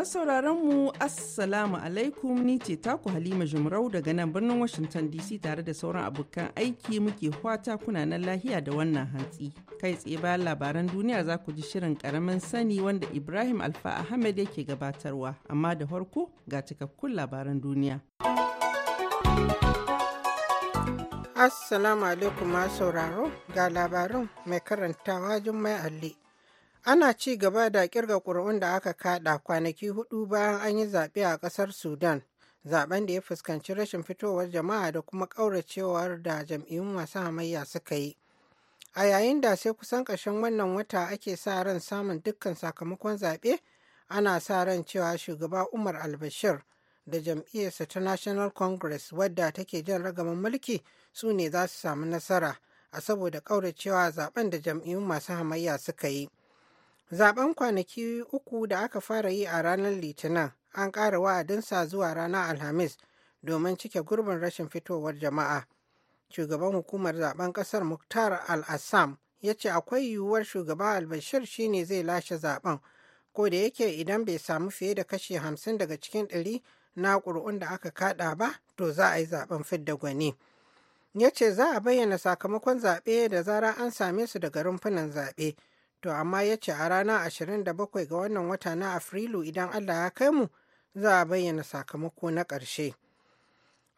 Masu sauraron mu Assalamu alaikum ni ce taku Halima Jumrau daga nan birnin Washington DC tare da sauran abokan aiki muke fata kuna nan lahiya da wannan hantsi. Kai tsaye bayan labaran duniya za ku ji shirin karamin sani wanda Ibrahim Alfa Ahmed yake gabatarwa amma da farko ga cikakkun labaran duniya. Assalamu alaikum masu sauraro ga labarin mai karantawa Jummai Ali. ana ci gaba da kirga ƙuri'un da aka kada kwanaki hudu bayan an yi zaɓe a ƙasar sudan zaben da ya fuskanci rashin fitowar jama'a da kuma ƙauracewar da jam'iyyun masu hamayya suka yi a yayin da sai kusan ƙarshen wannan wata ake sa ran samun dukkan sakamakon zaɓe ana sa ran cewa shugaba umar albashir da jam'iyyarsa ta national congress wadda take jan ragaman mulki su ne za su samu nasara a saboda ƙauracewa zaben da jam'iyyun masu hamayya suka yi Zaben kwanaki uku da aka fara yi a ranar Litinin an ƙara wa'adinsa zuwa ranar Alhamis domin cike gurbin rashin fitowar jama'a. Shugaban hukumar zaben ƙasar Muktar Al-Assam ya ce akwai yiwuwar shugaba Al-Bashir ne zai lashe zaben ko da yake idan bai samu fiye da kashi hamsin daga cikin ɗari na ƙuri'un da aka kaɗa ba to za a yi zaben fidda gwani. Ya ce za a bayyana sakamakon zaɓe da zara an same su daga rumfunan zaɓe. to amma ya ce a ranar 27 ga wannan wata na afrilu idan allah ya kai mu za a bayyana sakamako na ƙarshe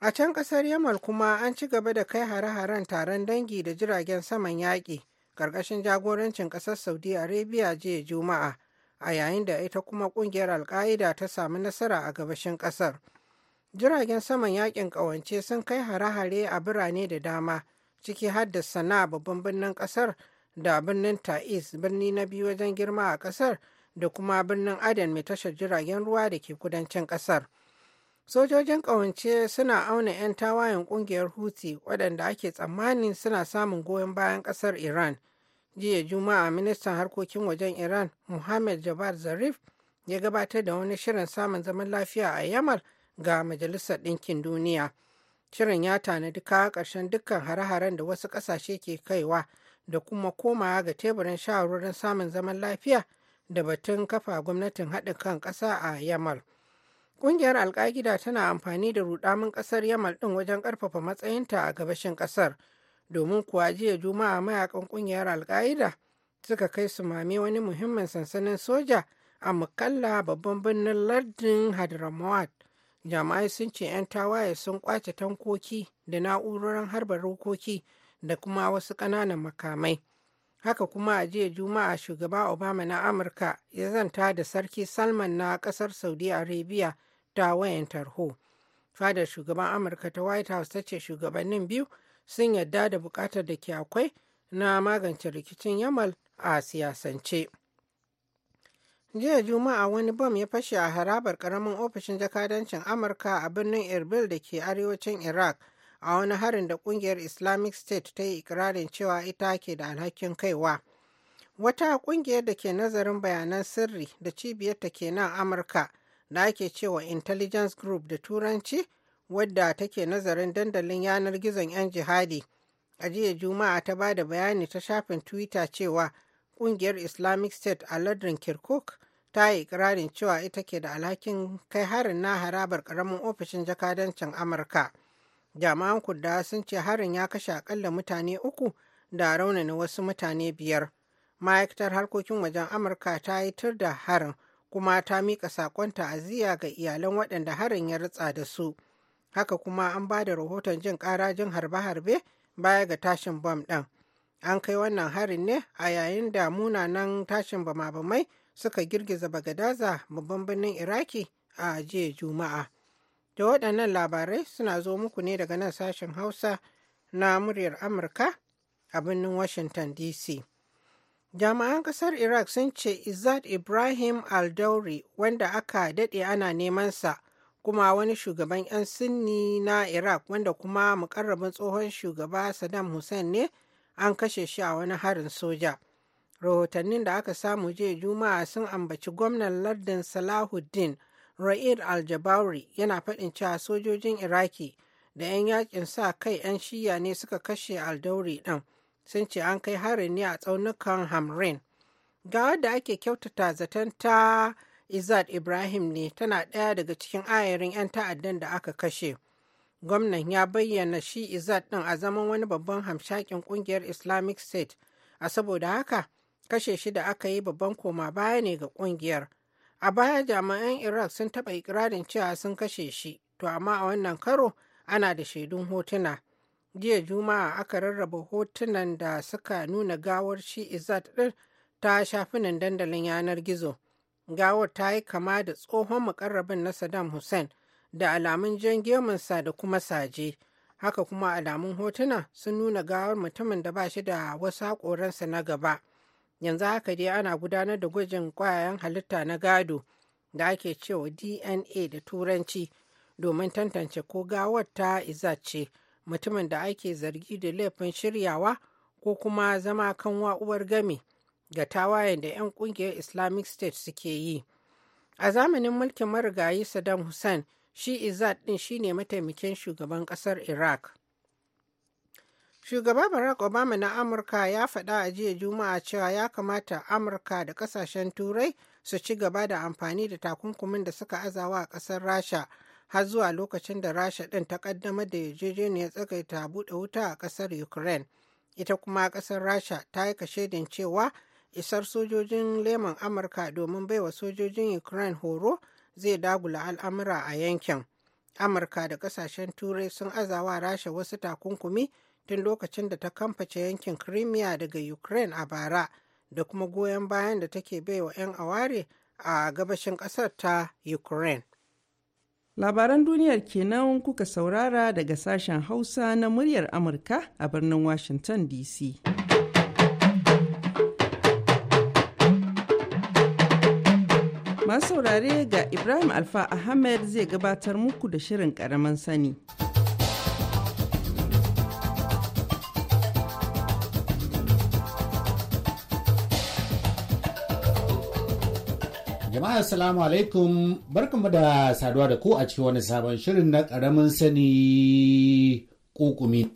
a can ƙasar yamal kuma an ci gaba da kai hare-haren taron dangi da jiragen saman yaƙi ƙarƙashin jagorancin ƙasar saudi arabia jiya juma'a a yayin da ita kuma ƙungiyar alka'ida ta samu nasara a gabashin ƙasar jiragen saman yaƙin ƙawance sun kai hare-hare a birane da dama ciki har da sana'a babban birnin ƙasar da birnin Ta'is birni na biyu wajen girma a kasar da kuma birnin Aden mai tashar jiragen ruwa da ke kudancin kasar. Sojojin ƙawance suna auna 'yan tawayen ƙungiyar Houthi waɗanda ake tsammanin suna samun goyon bayan ƙasar Iran. Jiya Juma'a ministan harkokin wajen Iran Muhammad Javad Zarif ya gabatar da wani shirin samun zaman lafiya a Yamal ga Majalisar Ɗinkin Duniya. Shirin ya tanadi kawo ƙarshen dukkan hare-haren da wasu ƙasashe ke kaiwa da kuma komawa ga teburin shawarwarin samun zaman lafiya da batun kafa gwamnatin haɗin kan ƙasa a yamal ƙungiyar alƙagida tana amfani da rudamin ƙasar yamal ɗin wajen ƙarfafa matsayinta a gabashin ƙasar domin kuwa jiya juma'a mayakan ƙungiyar alƙa'ida suka kai su mame wani muhimmin sansanin soja a mukalla babban birnin lardin hadramawat Jama'ai sun ce 'yan tawaye sun kwace tankoki da na'urorin harba rokoki da kuma wasu ƙananan makamai. Haka kuma a jiya Juma'a shugaba Obama na Amurka ya zanta da Sarki Salman na ƙasar Saudi Arabia ta wayan tarho. Fadar shugaban Amurka ta White House ta ce shugabannin biyu sun yarda da buƙatar da ke akwai na magance rikicin Yamal a siyasance. jiya juma'a wani bom ya fashe a harabar ƙaramin ofishin jakadancin amurka a birnin erbil da ke arewacin iraq a wani harin da kungiyar islamic state ta yi ikirarin cewa ita ke da alhakin kaiwa wata kungiyar da ke nazarin bayanan sirri da cibiyarta ke nan amurka da ake cewa intelligence group da turanci wadda take nazarin dandalin yanar gizon 'yan jihadi a jiya juma'a ta ba da bayani ta shafin twitter cewa kungiyar islamic state a lardin kirkuk ta yi ikirarin cewa ita ke da alhakin kai harin na harabar karamin ofishin jakadancin amurka Jama'an kudda sun ce harin ya kashe akalla mutane uku da raunana wasu mutane biyar ma'aikatar harkokin wajen amurka ta yi tur da harin kuma ta miƙa saƙon ta'aziyya ga iyalan waɗanda harin ya ritsa da su haka kuma an ba da rahoton jin ƙarajin harbe-harbe baya ga tashin bom ɗin an kai wannan harin ne a yayin da munanan tashin bama-bamai suka girgiza bagadaza babban birnin iraki a jiya juma'a da waɗannan labarai suna zo muku ne daga nan sashen hausa na muryar amurka a birnin washington dc jami'an ƙasar iraq sun ce izzat ibrahim aldauri wanda aka daɗe ana neman sa, kuma wani shugaban 'yan Sunni na iraq wanda kuma mukarrabin tsohon shugaba saddam hussein ne an kashe shi a wani harin soja rahotannin da aka samu jiya juma'a sun ambaci gwamnan lardin salahuddin Ra'id al-Jabauri yana faɗin cewa sojojin Iraki da 'yan yakin sa kai 'yan shiya ne suka kashe al aldauri ɗin sun ce an kai harin ne a tsaunukan Hamrin. Ga wadda ake kyautata zaton ta Izad Ibrahim ne tana ɗaya daga cikin ayarin 'yan ta'addan da aka kashe. Gwamnan ya bayyana shi Izad ɗin a zaman wani babban hamshakin ƙungiyar Islamic State, a saboda haka kashe shi da aka yi babban koma baya ne ga ƙungiyar. A baya jami'an Iraq sun taɓa ikirarin cewa sun kashe shi, to amma a wannan karo ana da shaidun hotuna. Jiya Juma'a aka rarraba hotunan da suka nuna gawar shi Izzat ɗin ta shafinan dandalin yanar gizo. Gawar ta yi kama da tsohon mukarrabin na Saddam Hussein da alamun jan gemunsa da kuma saje. Haka kuma alamun hotuna sun nuna gawar mutumin da ba shi da wasu haƙoransa na gaba. yanzu haka dai ana gudanar da gwajin kwayayen halitta na gado da ake cewa dna da turanci domin tantance ko gawar ta ce, mutumin da ake zargi da laifin shiryawa ko kuma zama kan wa'uwar gami ga tawayen da 'yan kungiyar islamic state suke yi a zamanin mulkin marigayi saddam hussein shi izad din shine mataimakin shugaban kasar iraq Shugaba Barack Obama na Amurka ya faɗa a jiya Juma'a cewa ya kamata Amurka da ƙasashen Turai su ci gaba da amfani da takunkumin da suka azawa a ƙasar Rasha har zuwa lokacin da Rasha ɗin ta ƙaddamar da yarjejeniyar tsagaita buɗe wuta a ƙasar Ukraine. Ita kuma ƙasar Rasha ta yi kashedin cewa isar sojojin leman Amurka domin baiwa sojojin Ukraine horo zai dagula al'amura a yankin. Amurka da ƙasashen Turai sun azawa Rasha wasu takunkumi tun lokacin da ta kamface yankin crimea daga ukraine a bara da kuma goyon bayan da take baiwa 'yan aware a gabashin ƙasar ta ukraine labaran duniyar kenan kuka saurara daga sashen hausa na muryar amurka a birnin washington dc masu saurare ga ibrahim alfa ahmed zai gabatar muku da shirin karaman sani Jama'a assalamu alaikum barkanmu da saduwa da ku a cikin wani sabon shirin na karamin sani kukumi.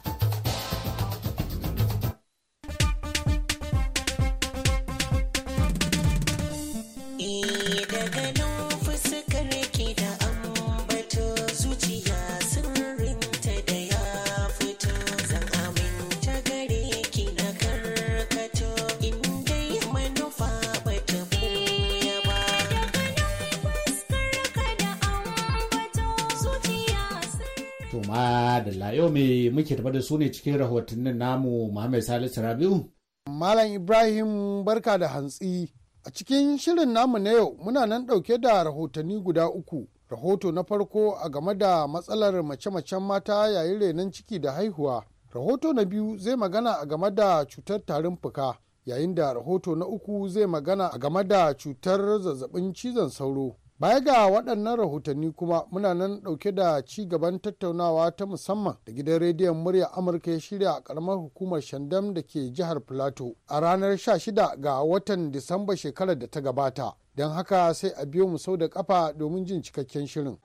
madalla yau me muke tafa da su ne cikin rahotannin namu Muhammad Salisu Rabiu. Malam Ibrahim barka da hantsi. A cikin shirin namu na yau muna nan ɗauke da rahotanni guda uku. Rahoto na farko a game da matsalar mace-macen mata yayin renon ciki da haihuwa. Rahoto na biyu zai magana a game da cutar tarin fuka. Yayin da rahoto na uku zai magana a game da cutar zazzabin cizon sauro. baya ga waɗannan rahotanni kuma muna nan ɗauke da ci gaban tattaunawa ta musamman da gidan rediyon murya amurka ya shirya a ƙaramar hukumar shandam da ke jihar plateau a ranar 16 ga watan disamba shekarar da ta gabata don haka sai a biyo mu sau da ƙafa domin jin cikakken shirin.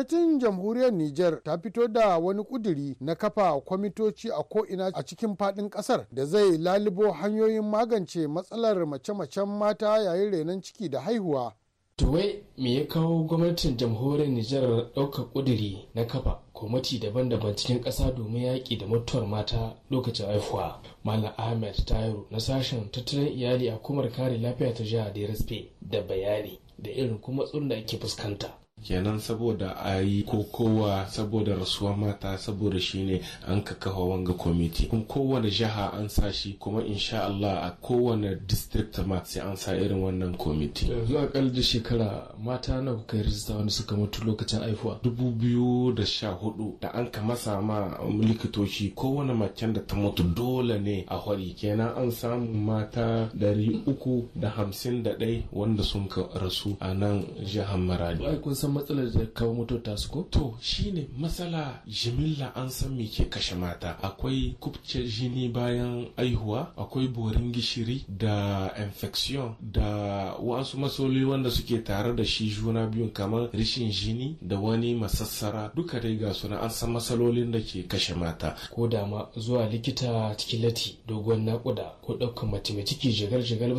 gwamnatin jamhuriyar niger ta fito da wani kuduri na kafa kwamitoci a ko'ina a cikin fadin kasar da zai lalibo hanyoyin magance matsalar mace-macen mata yayin renon ciki da haihuwa tuwai me ya kawo gwamnatin jamhuriyar nijar ɗaukar ƙuduri na kafa kwamiti daban-daban cikin kasa domin yaƙi da mutuwar mata lokacin haihuwa malam ahmed tayo na sashen tattalin iyali a kumar kare lafiya ta jihar da da bayani da irin kuma tsurin da ake fuskanta kenan saboda a yi kowa saboda rasuwar mata saboda shine an ka kafa wanga kwamiti kuma kowane jiha an sa shi kuma insha Allah a kowane district ma sai an sa irin wannan kwamiti yanzu a akalla shekara mata na kuka yi rijista wanda suka mutu lokacin haihuwa dubu biyu da sha hudu da an ka masa ma likitoci kowane macen da ta mutu dole ne a hori kenan an samu mata dari uku da hamsin da ɗai wanda sun ka rasu a nan jihar maradi san matsalar da kawo mutu ta su ko to shine matsala jimilla an san me ke kashe mata akwai kubcin jini bayan aihuwa akwai borin gishiri da infection da wasu masoli wanda suke tare da shi juna biyun kamar rishin jini da wani masassara duka dai ga suna an san matsalolin da ke kashe mata ko da ma zuwa likita cikin lati dogon nakuda ko ɗaukar mace mai ciki jigal-jigal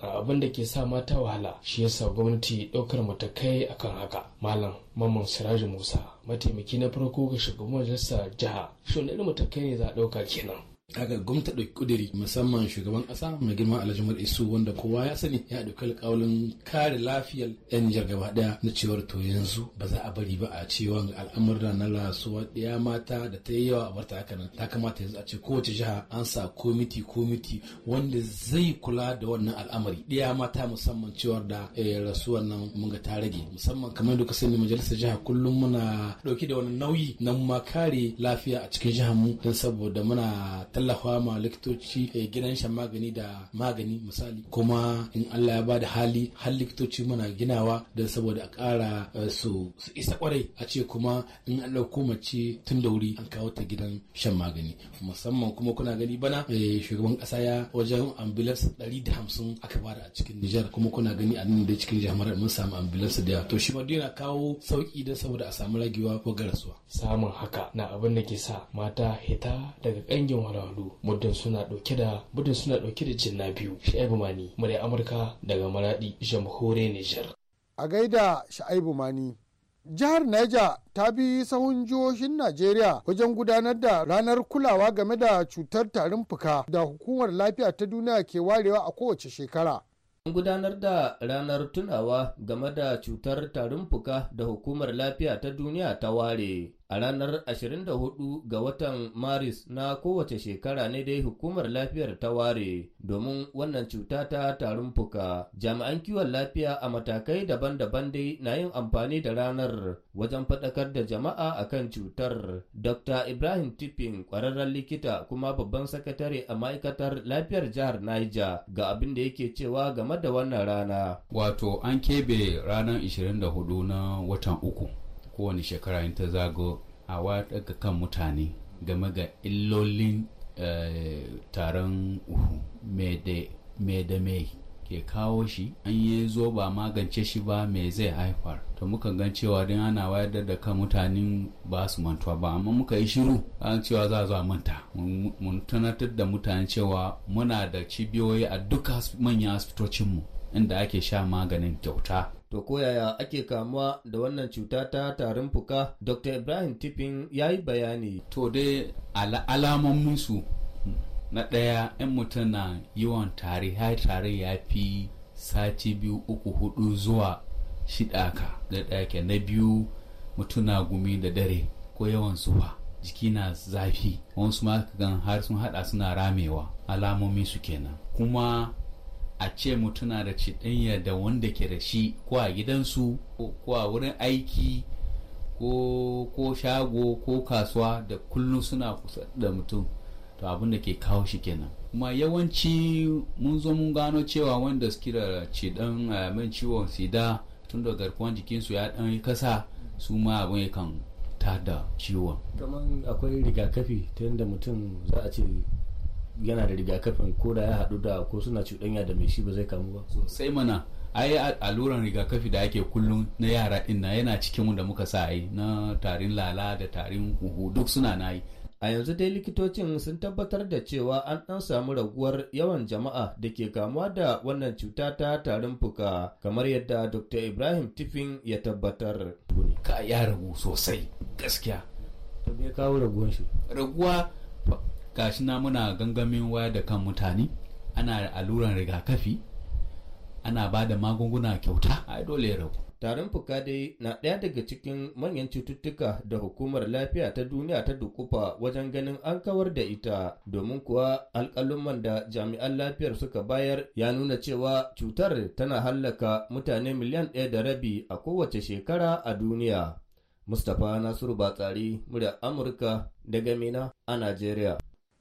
abin da ke sa mata wahala shi yasa gwamnati ɗaukar matakai akan haka haka malam mamman siraju musa mataimaki na farko ga shugaban majalisar jiha shi wani matakai ne za a ɗauka kenan haka gwamnati ɗauki kudiri musamman shugaban kasa mai girma alhaji isu wanda kowa ya sani ya ɗauki alƙawalin kare lafiyar yan nijar gaba ɗaya na cewar to yanzu ba za a bari ba a cewa al'amurra na rasuwa ɗaya mata da ta yi yawa a barta haka nan ta kamata yanzu a ce kowace jiha an sa komiti komiti wanda zai kula da wannan al'amari ɗaya mata musamman cewar da eh, rasuwar nan mun ga ta rage musamman kamar yadda ka sani majalisar jiha kullum muna ɗauki da wani nauyi na ma kare lafiya a cikin jihar mu don saboda muna tallafa ma likitoci eh, gidan shan magani da magani misali kuma in Allah ya bada hali har likitoci muna ginawa da saboda a ƙara eh, su isa kwarai a ce kuma in an ɗauko mace tun da wuri an kawo ta gidan shan magani musamman kuma kuna gani bana eh, shugaban ƙasa ya wajen ambulance ɗari da hamsin aka bada a cikin Nijar kuma kuna gani a nan da cikin jihar mun samu ambulance da to shi ma duk yana kawo sauki da saboda a samu ragewa ko garasuwa samun haka na abin da ke sa mata hita daga ƙangin walawa faru muddin suna dauke da muddin suna dauke da jinna biyu shaibu mani murya amurka daga maradi jamhuri niger a gaida shaibu mani jihar Niger ta bi sahun jihohin Najeriya wajen gudanar da ranar kulawa game da cutar tarin fuka da hukumar lafiya ta duniya ke warewa a kowace shekara. An gudanar da ranar tunawa game da cutar tarin fuka da hukumar lafiya ta duniya ta ware. A ranar 24 ga watan Maris na kowace shekara ne dai hukumar lafiyar ta ware domin wannan cuta ta tarun fuka. Jami'an kiwon lafiya a matakai daban-daban dai na yin amfani da ranar wajen faɗakar da jama'a akan cutar. Dr. Ibrahim Tipin ƙwararren likita kuma babban sakatare a ma'aikatar lafiyar jihar Niger ga abin da yake cewa game da wannan rana. Wato an kebe ranar 24 na watan uku. kowane shekara in ta zago a daga kan mutane game ga illolin eh, taron uhu mai da me ke kawo shi an yi zo ba magance shi ba me zai haifar to muka gan cewa din ana wayar da kan mutanen ba su mantuwa ba amma muka yi shiru an cewa za a manta mun tunatar da mutane cewa muna da cibiyoyi a duka manyan asibitocinmu inda ake sha maganin kyauta To koyaya ake kamuwa da wannan cuta ta tarin fuka? Dr. Ibrahim Tipin ya yi bayani. To dai alamomin su na ɗaya ‘yan mutum na yawan tare ya tare ya fi sati biyu uku hudu zuwa shida ka da ɗaya na biyu mutum na gumi da dare ko yawan zuwa jiki na zafi wasu ma gan har sun hada suna ramewa alamomi su kenan kuma a ce mutuna da ciɗanya da wanda ke da shi ko a gidansu ko a wurin aiki ko ko shago ko kasuwa da kullum suna kusa da mutum to abin da ke kawo shi kenan kuma yawanci mun zo mun gano cewa wanda suke da cidan eh, min ciwon sida tun da garkuwan jikinsu ya dan yi kasa su ma abin ya yakan tada ciwon kamar akwai rigakafi ta yadda mutum za a ce yana da rigakafin ko da ya haɗu da ko suna cuɗanya da mai shi ba zai kamu ba sai mana ai alluran rigakafi da ake kullum na yara din na yana cikin da muka sa yi na tarin lala da tarin huhu duk suna na yi a yanzu dai likitocin sun tabbatar da cewa an ɗan samu raguwar yawan jama'a da ke kamuwa da wannan cuta ta tarin fuka kamar yadda dr ibrahim tiffin ya tabbatar ka ya ragu sosai gaskiya to kawo raguwar shi raguwa gashi na muna gangamin waya da kan mutane ana alluran rigakafi ana ba da magunguna kyauta a dole ya tarin fuka dai na ɗaya daga cikin manyan cututtuka da hukumar lafiya ta duniya ta dukufa wajen ganin an kawar da ita domin kuwa alƙalumman da jami'an lafiyar suka bayar ya nuna cewa cutar tana hallaka mutane miliyan ɗaya da rabi a kowace shekara a duniya mustapha nasiru batsari murya amurka daga mina a najeriya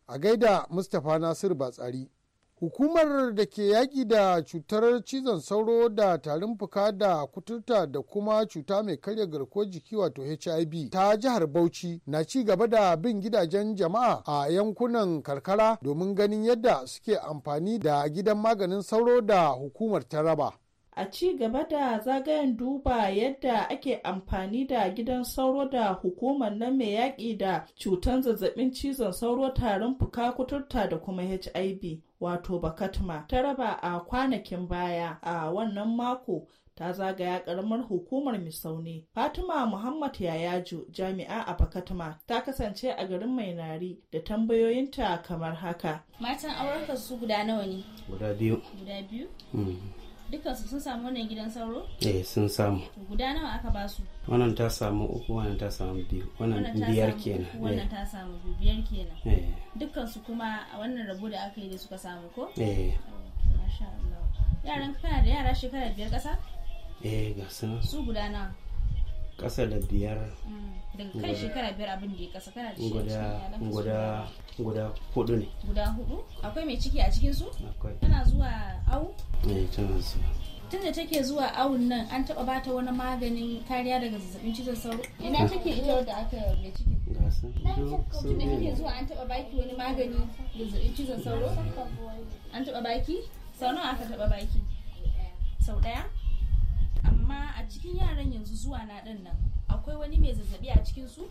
a gaida mustapha nasir batsari hukumar da ke yaƙi da cutar cizon sauro da tarin fuka da kuturta da kuma cuta mai karya garkuwar jiki wato hiv ta jihar bauchi na ci gaba da bin gidajen jama'a a yankunan karkara domin ganin yadda suke amfani da gidan maganin sauro da hukumar ta raba a ci gaba da zagayen duba yadda ake amfani da gidan sauro da hukumar nan mai yaƙi da cutar zazzabin cizon sauro tarin fuka kuturta da kuma hiv wato bakatma ta raba a kwanakin baya a wannan mako ta zagaya karamar hukumar misauni fatima muhammad yayaju jami'a a Bakatma, ta kasance a garin mainari da tambayoyinta kamar haka matan aurarka su guda nawa ne guda biyu mm. dukansu sun samu wannan gidan sauro? eh sun samu guda nawa aka ba su wannan ta samu uku wannan ta samu biyu wannan biyar kenan wannan ta samu biyar kenan eh. eh. dukansu kuma a wannan rabo da aka yi da suka samu ko eh masha Allah yaran kana da yara shekara biyar kasa eh ga su su guda nawa kasa da biyar mm. daga kan shekara biyar abin da ya kasa kana da shi guda guda hudu ne guda hudu akwai mai ciki a cikin su tana zuwa awu eh tana zuwa tun da take zuwa awun nan an taba bata wani maganin kariya daga zazzabin cizon sauro ina take ita da aka mai ciki tun da kike zuwa an taba baki wani magani zazzabin cizon sauro an taba baki sau nawa aka taba baki sau daya amma a cikin yaran yanzu zuwa na din nan akwai wani mai zazzabi a cikin su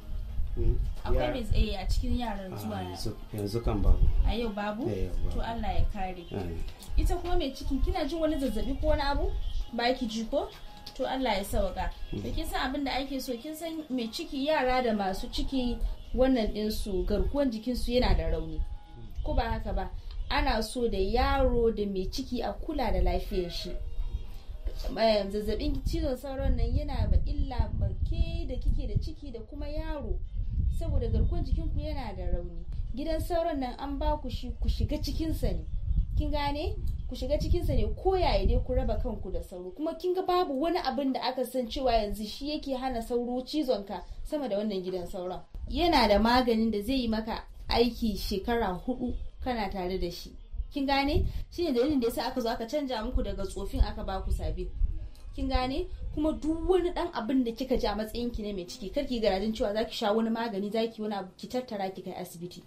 hmm. akwai mai tsaye a cikin yaran ah, zuwa yanzu kan babu a yau babu eh, to Allah ya kare ita kuma mai cikin kina jin wani zazzabi ko wani abu ba ki ji ko to Allah ya sauka da hmm. kin san abin da ake so kin san mai ciki yara da masu ciki wannan din ɗinsu garkuwan su yana da rauni ko ba haka ba ana so da yaro da mai ciki a kula da lafiyar shi zazzabin cizon sauron nan yana ba illa ba ke da kike da ciki da kuma yaro saboda garkuwar jikinku yana da rauni gidan sauron nan an ba ku shi ku shiga cikinsa ne kin gane ku shiga cikinsa ne ko yaya dai ku raba kanku da sauro kuma kin ga babu wani abin da aka san cewa yanzu shi yake hana sauro cizon ka sama da wannan gidan sauron yana da maganin da zai yi maka aiki shekara hudu kana tare da shi kin gane ne dalilin da yasa aka zo aka canja muku daga tsofin aka baku sabi kin gane kuma duk wani dan abin da kika ji a matsayin ki ne mai ciki kar ki garajin cewa zaki sha wani magani zaki wani abu ki tattara ki kai asibiti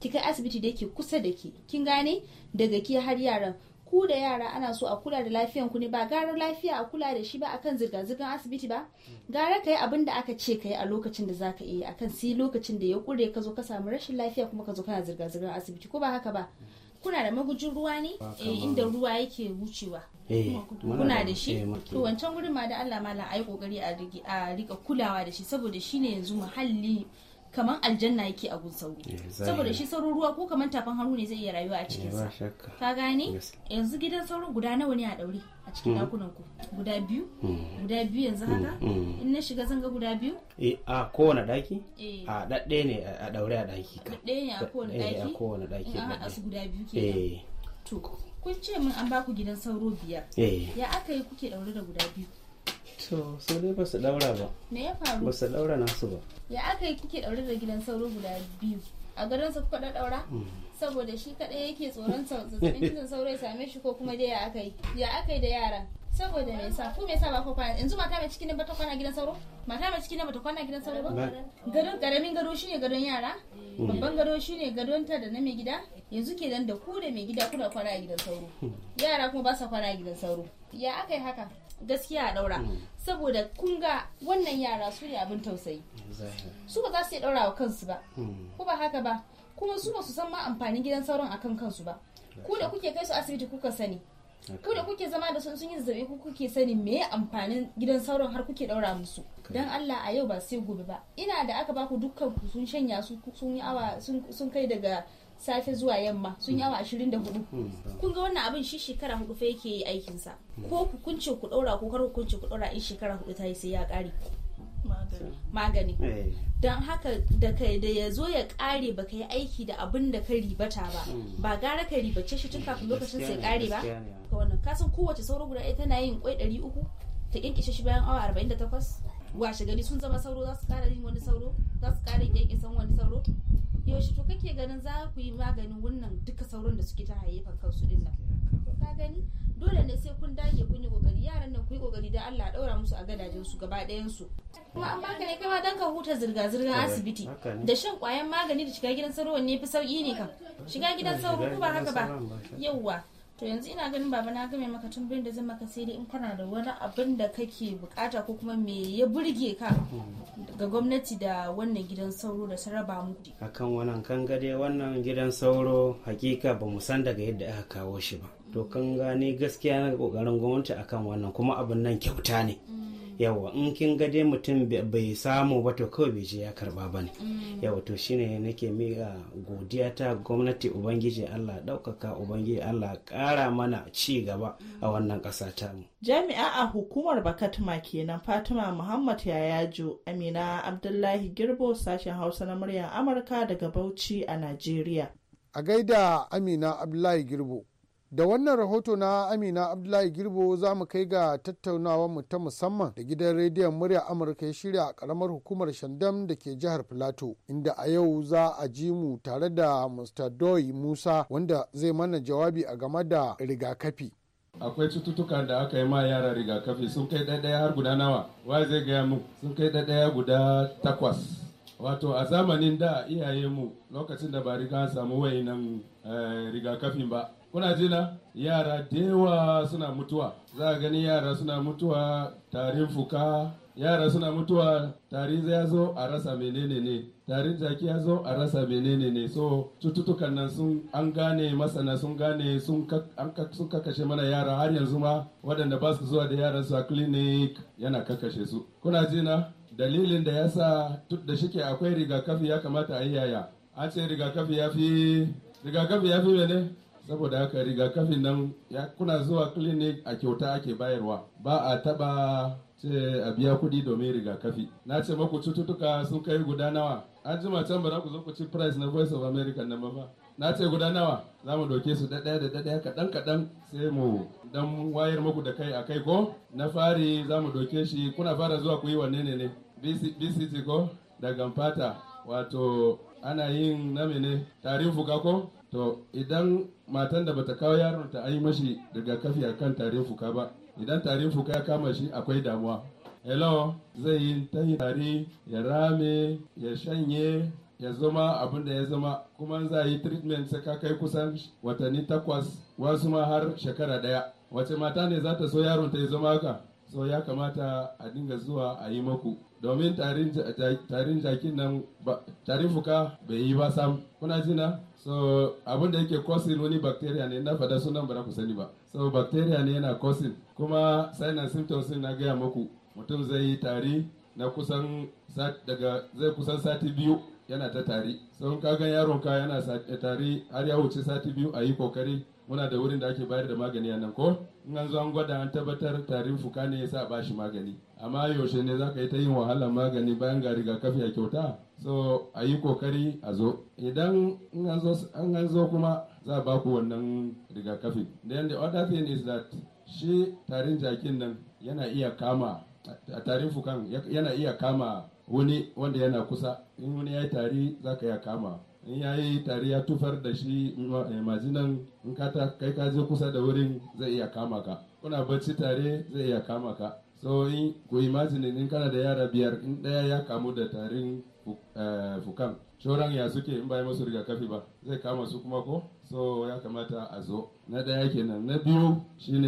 ki kai asibiti da ke kusa da ke kin gane daga ki har yaran ku da yara ana so a kula da lafiyan ku ne ba gara lafiya a kula da shi ba akan zirga zirgan asibiti ba gara kai abin da aka ce kai a lokacin da zaka iya akan si lokacin da ya kure ka zo ka samu rashin lafiya kuma ka zo kana zirga zirgan asibiti ko ba haka ba kuna da magujin ruwa ne eh, inda ruwa yake wucewa eh, kuna da shi to wancan gurin ma da Allah malam ai kokari a rika kulawa da shi saboda shi ne yanzu muhalli kamar aljanna yake a gun sauri eh, saboda shi sauran ruwa ko kamar tafan hannu ne zai iya rayuwa a cikin sa eh, ka gane yanzu gidan sauro guda nawa ne a daure a cikin dakunan hmm. ku guda biyu hmm. guda biyu yanzu hmm, haka in na shiga zanga guda biyu eh, a kowane daki a dadde ne a daure a daki ka dadde ne a kowane daki a kowane daki a su guda biyu kenan to kun ce min an baku gidan sauro biyar ya aka yi kuke daure da guda biyu to sai dai ba su daura ba me ya faru ba su daura nasu ba ya aka yi kike ɗaure da gidan sauro guda biyu a gadon sa kuka ɗaɗɗaura mm. saboda shi kada yake tsoron zazzabin cizon sauro ya same shi ko kuma dai ya aka yi ya aka yi da yaran saboda me yasa ku me yasa ba ku kwana yanzu mata mai cikin ne ba ta kwana gidan sauro mata mai cikin ne ba ta kwana gidan sauro ba garin karamin gado shine gadon yara mm. babban gado shine gadon ta da na mai gida yanzu ke dan da ku da mai gida kuna kwana gidan sauro hmm. yara kuma ba sa kwana gidan sauro ya aka yi haka gaskiya a daura mm. saboda kun ga wannan yara su ne abin tausayi su ba za su iya daura wa kansu ba mm. ko ba haka ba kuma su ba su san ma amfanin gidan sauran akan kansu ba ku da kuke kai su asibiti kuka sani ku da kuke zama da sun sun yi zabe ku kuke sani me amfanin gidan sauran har kuke ɗaura musu dan Allah a yau ba sai gobe ba ina da aka baku dukkan ku sun shanya su sun yi awa sun kai daga safe zuwa yamma sun yi awa ashirin da hudu hmm. kun wannan abin shi shekara hudu fa yake yi aikinsa hmm. ko hukunci ku daura ko kar hukunci ku daura in shekara hudu ta yi sai ya kare magani eh. don haka da da ya zo ya kare baka yi aiki da abin da ka ribata ba hmm. ba gara ka ribace shi tun kafin lokacin sai kare ba ka wannan kasan kowace sauro guda ɗaya tana yin kwai ɗari uku ta kinkishe shi bayan awa 48 washe gari sun zama sauro za su kara yin wani sauro za su kara yin wani sauro yaushe to kake ganin za ku yi maganin wannan duka sauran da suke ta hayyafa kansu din nan ka gani dole ne sai kun dage kun yi kokari yaran nan ku yi kokari da Allah daura musu a gadajen su gaba ɗayan su kuma an baka ne kai ma dan ka huta zirga zirga eh, asibiti da shan kwayan magani da shiga gidan sauro ne fi sauki ne kan shiga gidan sauro ko ba haka ba yauwa to yanzu ina ganin baba na game maka tambayin da zan maka sai dai in kana da wani abin da kake bukata ko kuma me ya burge ka ga gwamnati da wannan gidan sauro da saraba mu akan wannan kan gade wannan gidan sauro hakika ba mu san daga yadda aka kawo shi ba to kan gane gaskiya na kokarin gwamnati akan wannan kuma abin nan kyauta ne mm. yawa in kin ga dai mutum bai samu ba to kawai bai je ya karba ba ne mm. yawa to shine nake miƙa godiya ta gwamnati ubangiji Allah ɗaukaka ubangiji Allah ƙara mana ci gaba a mm. wannan ƙasa ta mu jami'a a hukumar bakatuma kenan fatima muhammad yayajo amina abdullahi girbo sashen hausa na muryar amurka daga bauchi a najeriya a gaida amina abdullahi girbo Da wannan rahoto na Amina Abdullahi Girbo za mu kai ga tattaunawar mu ta musamman da gidan rediyon murya Amurka ya shirya a karamar hukumar Shandam da ke jihar Filato, inda a yau za a ji mu tare da Mr. doy Musa wanda zai mana jawabi a game da rigakafi. Akwai cututtuka da aka yi ma yara rigakafi sun kai ɗaya har guda nawa, wai zai gaya mu sun kai ɗaya guda takwas. wato a zamanin da iyaye mu lokacin da ba riga samu wayinan eh, rigakafin ba kuna jina yara dewa suna mutuwa za a gani yara suna mutuwa tarin fuka yara suna mutuwa tarin ya zo a rasa menene ne tarin jaki ya zo a rasa menene ne so cututtukan nan sun an gane masana sun gane sun kakashe mana yara har yanzu ma waɗanda ba su zuwa da yara su a clinic yana kakashe su kuna jina dalilin da ya sa da shike akwai rigakafi ya kamata a yi yaya an ce rigakafi ya fi rigakafi ya fi mene saboda haka rigakafin nan kuna zuwa clinic a kyauta ake bayarwa ba a taba ce a biya kuɗi domin rigakafi na ce maku cututtuka sun kai guda nawa an jima can ba za ku zo ku ci price na voice of america na ba na ce guda nawa za mu doke su ɗaya da ɗaya kaɗan kaɗan sai mu dan wayar muku da kai a kai ko na fari za mu doke shi kuna fara zuwa ku yi wanne ne ne bct ko da gamfata wato ana yin na mene tarin fuka ko to idan matan da bata kawo yaron ta an yi mashi kafi akan tarin fuka ba idan tarin fuka ya kama shi akwai damuwa hello zai yi ta yi tari ya rame ya shanye ya zama abin da ya zama kuma za yi treatment sai ka kai kusan watanni takwas wasu ma har shekara daya wace mata ne za ta so yaron ta ya zama haka so ya kamata a dinga zuwa a yi maku domin tarin jakin nan tarin fuka bai yi ba sam kuna jina so abin da yake causing wani bacteria ne na fada sunan ba ku sani ba so bacteria ne yana causing kuma sinus symptoms symptoms na gaya maku mutum zai yi tari na kusan daga zai kusan sati biyu yana ta tari sun ka kaga yaronka yana tari har ya wuce sati biyu a yi kokari muna da wurin da ake bayar da magani a nan ko in an zo an gwada an tabbatar tarin fuka ne yasa ba shi magani amma yaushe ne za ka yi ta yin wahalar magani bayan ga rigakafi a kyauta so a yi kokari a zo idan an an zo kuma za a baku wannan rigakafi then the other thing is that shi tarin jakin nan yana iya kama a tarin fukan yana iya kama wani wanda yana kusa in wani ya yi tari za ka ya kama in ya yi tari ya tufar da shi eh, majinan in ka kai ka je kusa da wurin zai iya kama ka kuna bacci tare zai iya kama ka so in ku imagine in kana da yara biyar in daya ya kamu da tarin eh, fukan shoran ya suke in bai musu rigakafi ba zai kama su kuma ko so ya kamata a zo na daya kenan na biyu shine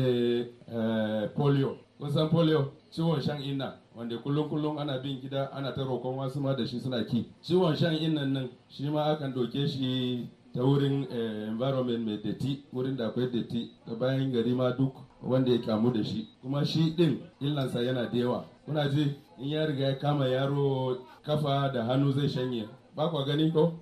eh, polio kun san polio ciwon shan inna wanda kullum kullum ana bin gida ana ta roƙon wasu ma da shi suna ki ciwon shan innan nan shi ma akan doke shi ta wurin eh, environment mai datti wurin da akwai datti ta bayan gari ma duk wanda ya kamu da shi kuma shi din illansa yana da yawa kuna ji in ya riga ya kama yaro kafa da hannu zai shanye ba kwa gani ko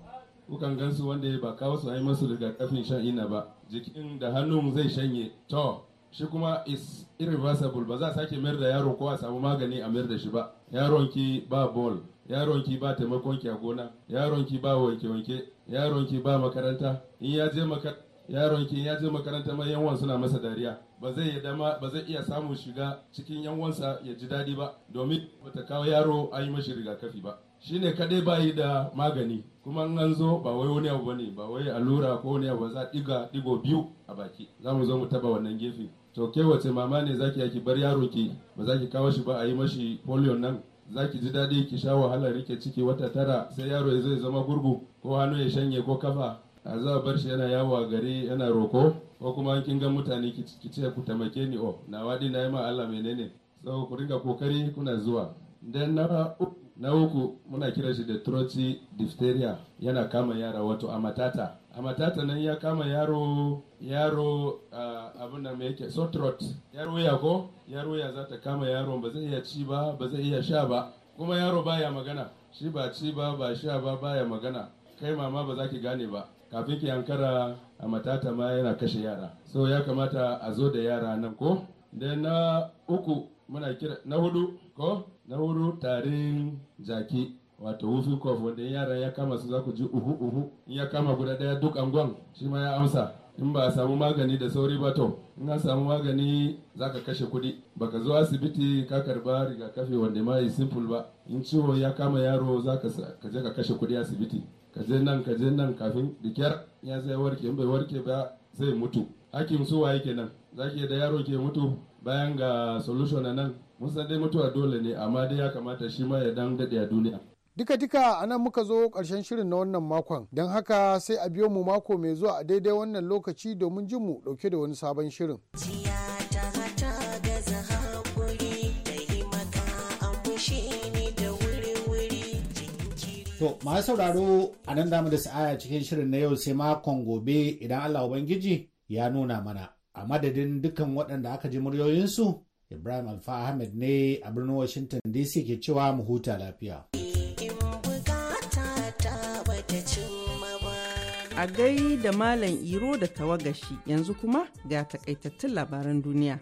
kukan gansu wanda ba kawo su yi masu kafin shan ina ba jikin da hannun zai shanye to shi kuma is irreversible ba za a sake mayar da yaro ko a samu magani a mayar da shi ba yaronki ba ball yaronki ba taimakon ki a gona yaronki ba wanke-wanke yaronki ba makaranta in ya je makaranta yaronki ya je makaranta mai yanwan suna masa dariya ba zai iya dama ba zai iya samun shiga cikin yanwansa ya ji daɗi ba domin bata kawo yaro an yi mashi rigakafi ba shine kadai bayi da magani kuma an zo ba wai wani abu bane ba wai allura ko wani abu za a diga digo biyu a baki za mu zo mu taba wannan gefe to ke wace mama ne zaki yaki bar yaro ki ba zaki kawo shi ba a yi mashi polio nan zaki ji daɗi ki sha wahalar rike ciki wata tara sai yaro ya zai zama gurgu ko hannu ya shanye ko kafa a za bar shi yana yawo a gari yana roko ko kuma kin ga mutane ki ce ku tamake ni o na wadi na yi ma Allah menene so ku ringa kokari kuna zuwa dan na na uku muna kira shi da trochi diphtheria yana kama yara wato amatata a matata nan ya kama yaro yaro abin da mai yake sotrot yaro ya ko yaro ya za ta kama yaro ba zai iya ci ba ba zai iya sha ba kuma yaro baya magana shi ba ci ba ba sha ba baya magana kai mama ba za ki gane ba kafin ki yankara a matata ma yana kashe yara so ya kamata a zo da yara nan ko da na uku muna kira na hudu ko na hudu tarin jaki wato wufi kof wanda yara ya kama su za ku ji uhu uhu in ya kama guda daya duk angon shi ma ya amsa in ba a samu magani da sauri ba to in an samu magani za ka kashe kuɗi baka zo asibiti ka karba rigakafi wanda ma yi simple ba in ciwo ya kama yaro za ka je ka kashe kuɗi asibiti ka je nan ka je nan kafin dikiyar. ya zai warke in bai warke ba zai mutu hakin yake nan za zaki da yaro ke mutu bayan ga solution nan mun san dai mutuwa dole ne amma dai ya kamata shi ma ya dan dade a duniya Duka-duka a nan muka zo karshen shirin na wannan makon, don haka sai a biyo mu mako mai zuwa a daidai wannan lokaci domin jin mu dauke da wani sabon shirin. To, masu sauraro a nan damu da sa'aya cikin shirin na yau sai makon gobe idan Allah Ubangiji ya nuna mana. A madadin dukkan waɗanda aka ji muryoyinsu, Ibrahim Alfa Ahmed ne a birnin Washington DC ke cewa mu huta lafiya. a gai da Malam Iro da tawagashi yanzu kuma ga takaitattun labaran duniya.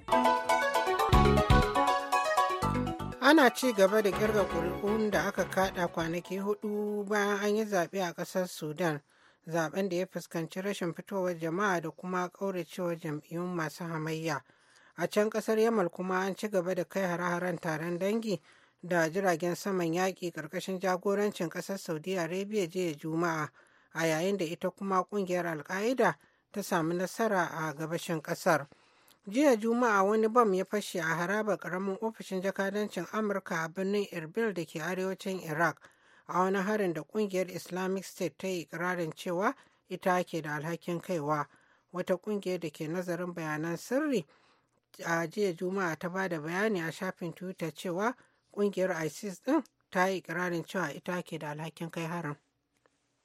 Ana ci gaba da kirga kuri'un da aka kada kwanaki hudu bayan an yi zaɓe a ƙasar Sudan, zaben da ya fuskanci rashin fitowar jama'a da kuma ƙauracewar jam'iyyun masu hamayya. A can ƙasar Yamal kuma an ci gaba da kai hare-haren taron dangi da jiragen saman yaƙi ƙarƙashin jagorancin ƙasar Saudi Arabia jiya Juma'a. a yayin da ita kuma kungiyar alka'ida ta samu nasara a gabashin kasar jiya juma'a wani bam ya fashe a haraba karamin ofishin jakadancin amurka a birnin irbil da ke arewacin iraq a wani harin da kungiyar islamic state ta yi ikirarin cewa ita ke da alhakin kaiwa wata kungiyar da ke nazarin bayanan sirri a jiya juma'a ta ba da bayani a shafin twitter cewa kungiyar isis din ta yi ikirarin cewa ita ke da alhakin kai harin